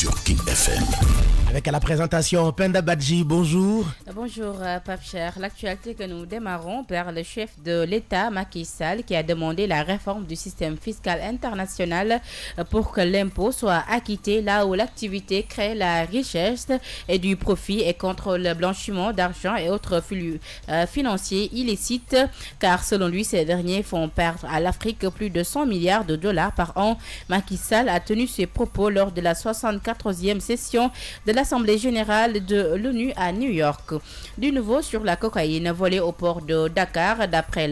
sur King FM. Avec à la présentation Penda Badji, bonjour. Euh, bonjour euh, Pape Cher. L'actualité que nous démarrons par le chef de l'État, Macky Sall, qui a demandé la réforme du système fiscal international euh, pour que l'impôt soit acquitté là où l'activité crée la richesse et du profit et contre le blanchiment d'argent et autres flux financiers illicites, car selon lui, ces derniers font perdre à l'Afrique plus de 100 milliards de dollars par an. Macky Sall a tenu ses propos lors de la 64e session de la Assemblée générale de l'ONU à New York. Du nouveau sur la cocaïne volée au port de Dakar, d'après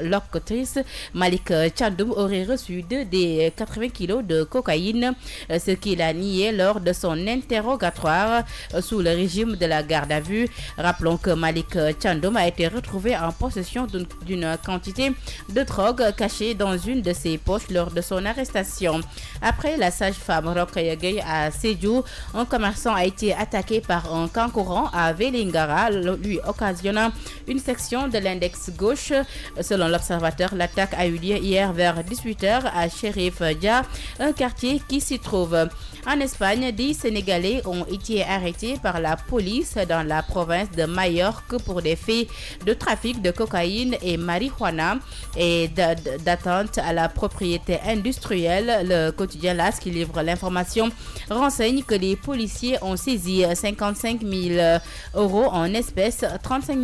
l'octrice, Malik Chandoum aurait reçu des 80 kilos de cocaïne, euh, ce qu'il a nié lors de son interrogatoire euh, sous le régime de la garde à vue. Rappelons que Malik Chandoum a été retrouvé en possession d'une quantité de drogue cachée dans une de ses poches lors de son arrestation. Après la sage-femme Rokhaya Gueye à Sejou, un commerçant a été attaqué par un courant à Velingara, lui occasionnant une section de l'index gauche. Selon l'observateur, l'attaque a eu lieu hier vers 18h à Sheriff Dia, un quartier qui s'y trouve. En Espagne, 10 Sénégalais ont été arrêtés par la police dans la province de Majorque pour des faits de trafic de cocaïne et marijuana et d'attente à la propriété industrielle. Le quotidien LAS qui livre l'information renseigne que les policiers ont saisi 55 000 euros en espèces, 35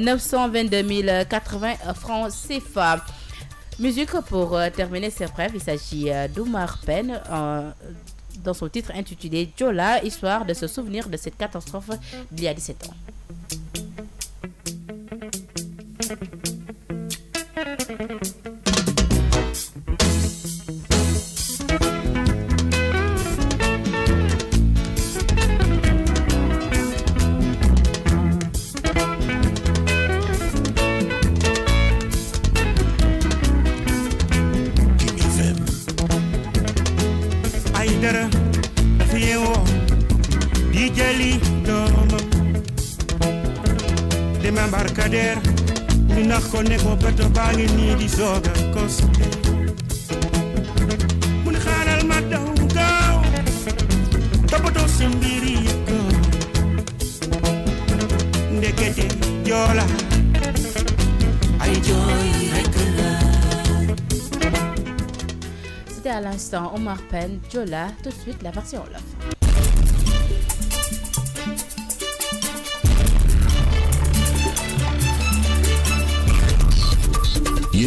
922 080 francs CFA. Musique pour euh, terminer cette brève, il s'agit euh, d'Oumar Pen. Euh, dans son titre intitulé Jola, histoire de se souvenir de cette catastrophe d'il y a 17 ans. jali doomam di Embarcadère ñu nax ko ne ko bato baa ngi nii di soga kos mu ne xaaral ma daw gaaw toppatoo si mbir yi gaaw ndekete joola ay jooy C'était à l'instant Omar Pène, Jola, tout de suite la version Olaf.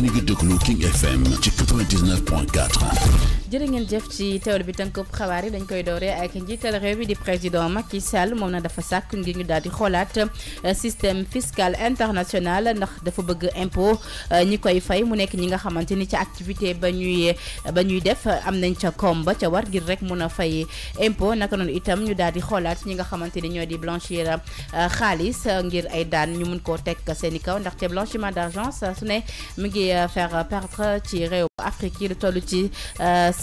yéen a ngi King FM 99.4 jërë ngeen jëf ci teewlu bi tënk xabaar yi dañ koy dooree ak njiital réew mi di président Macky Sall moom na dafa sàkk ngir ñu daal di xoolaat euh, système fiscal international ndax dafa bëgg impôt euh, ñi koy fay mu nekk ñi nga xamante ni ca activité ba ñuy ba ñuy def am nañ ca koom ca war ngir rek mun a fay impôt naka noonu itam ñu daal di xoolaat ñi nga xamante ni ñoo di blanchir euh, xaalis ngir ay daan ñu mun koo teg seen i kaw ndaxte blanchiment d'argent su ne mu ngi faire perdre ci réew Afrique yi lu toll ci.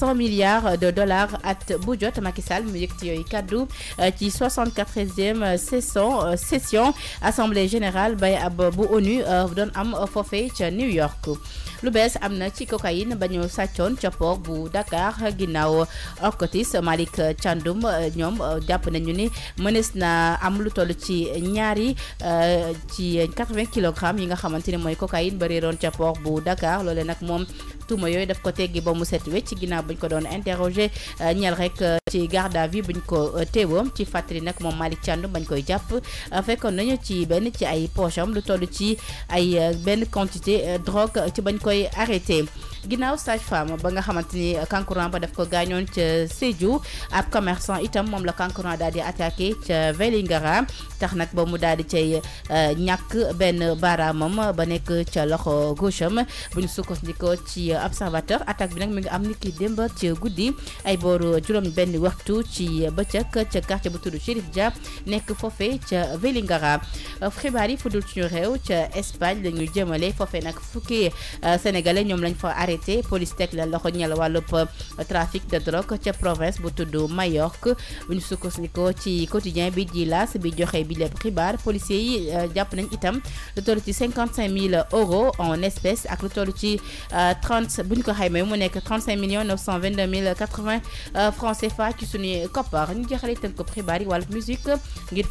100 milliards de dollars at bu jot Macky Sall mu euh, ci 74e euh, session euh, session assemblée générale bay ab bu ONU Don am foofee New York. lu bees am ci cocaïne ba ñu ci port bu Dakar ginnaw Orcotis Malik Chandoum ñom japp nañu ni mënees na am lu toll ci ñaari ci 80 kg yi nga xamanteni moy cocaïne bari ron ci port bu Dakar lolé nak mom tuuma yooyu daf ko teggi ba mu set wecc ginnaaw buñ ko doon interroger euh, ñel rek euh, ci garde à vue buñ ko euh, ci Malick ay quantité drogue arrêté. ginnaaw sage-femme ba nga xamante ni kankuran ba daf ko gaañoon ca Sédhiou ab commercant itam moom la kankuran daal di attaqué ca Vélingara tax nag ba mu daal di cay euh, ñàkk benn baaraamam ba nekk ca loxo gauche am bu ñu sukkandikoo ci observateur attaque bi nag mi ngi am niki démb ci guddi ay booru juróom benn waxtu ci bëccëg ca quartier bu tudd Chérif Dia nekk foofe ca Vélingara euh, xibaar yi fu dul suñu réew ca Espagne la ñu jëmale foofe nag fukki euh, sénégalais ñoom arrêté police teg la loxo ñeel wàllub trafic de drogue ci province bu tudd Mayork bu ñu sukkandikoo ci quotidien bi di las bi joxe bi lépp xibar policiers yi euh, japp nañ itam lu toll ci 55000 euros en espèces ak lu toll ci 30 euh, buñ ko xaymay mu nek 35 millions 922 euh, francs CFA ci suñu copar ñu jeexale tan ko xibar yi wàllub musique ngir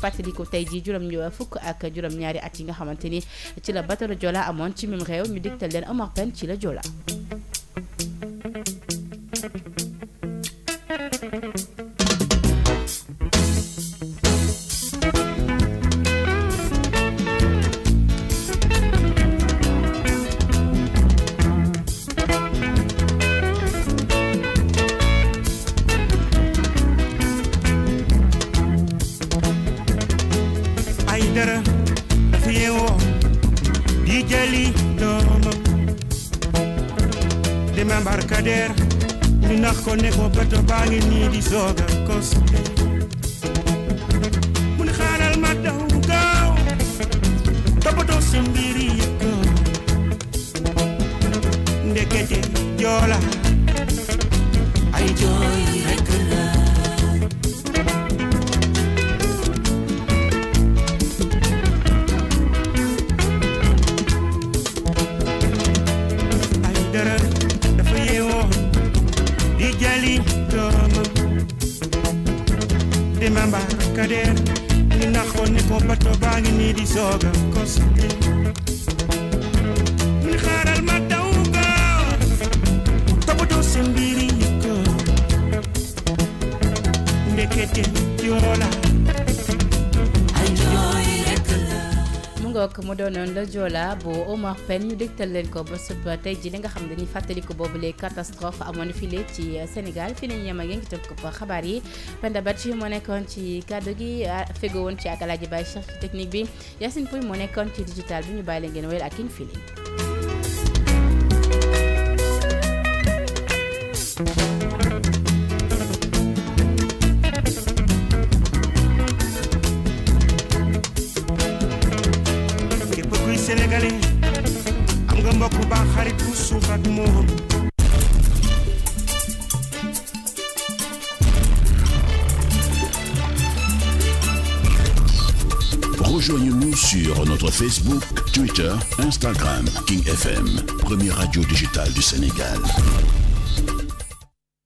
tay ji jii ñu fukk ak juróom-ñaari at yi nga xamanteni ci la bateau Joola amoon ci même rew ñu digtal leen Omar Pène ci la Joola tere fiewo di domo de mambarkader ni nakko ne ko beto bangi ni di soga kosu leer ñu naxoon ni ko bato baa ngi nii di soog a costé mu ni xaaral ma daw gaaw toppatoo seen mbiri ko ngook mu doonoon la Joola bu Omar Pène ñu dégtal leen ko ba sub tey ji li nga xam dañuy fàttaliku boobule catastrophe amoon file ci euh, Sénégal fi nañu yem ak yéen ci tënk ko xabaar yi Penda Badji moo nekkoon ci kàddu gi euh, fego woon ci ak Alaaji Baye Cheikh ci technique bi Yacine Pouy moo nekkoon ci digital bi ñu bàyyi leen ngeen wéyal ak in Rejoignez-nous sur notre Facebook, Twitter, Instagram, King FM, première radio digitale du Sénégal.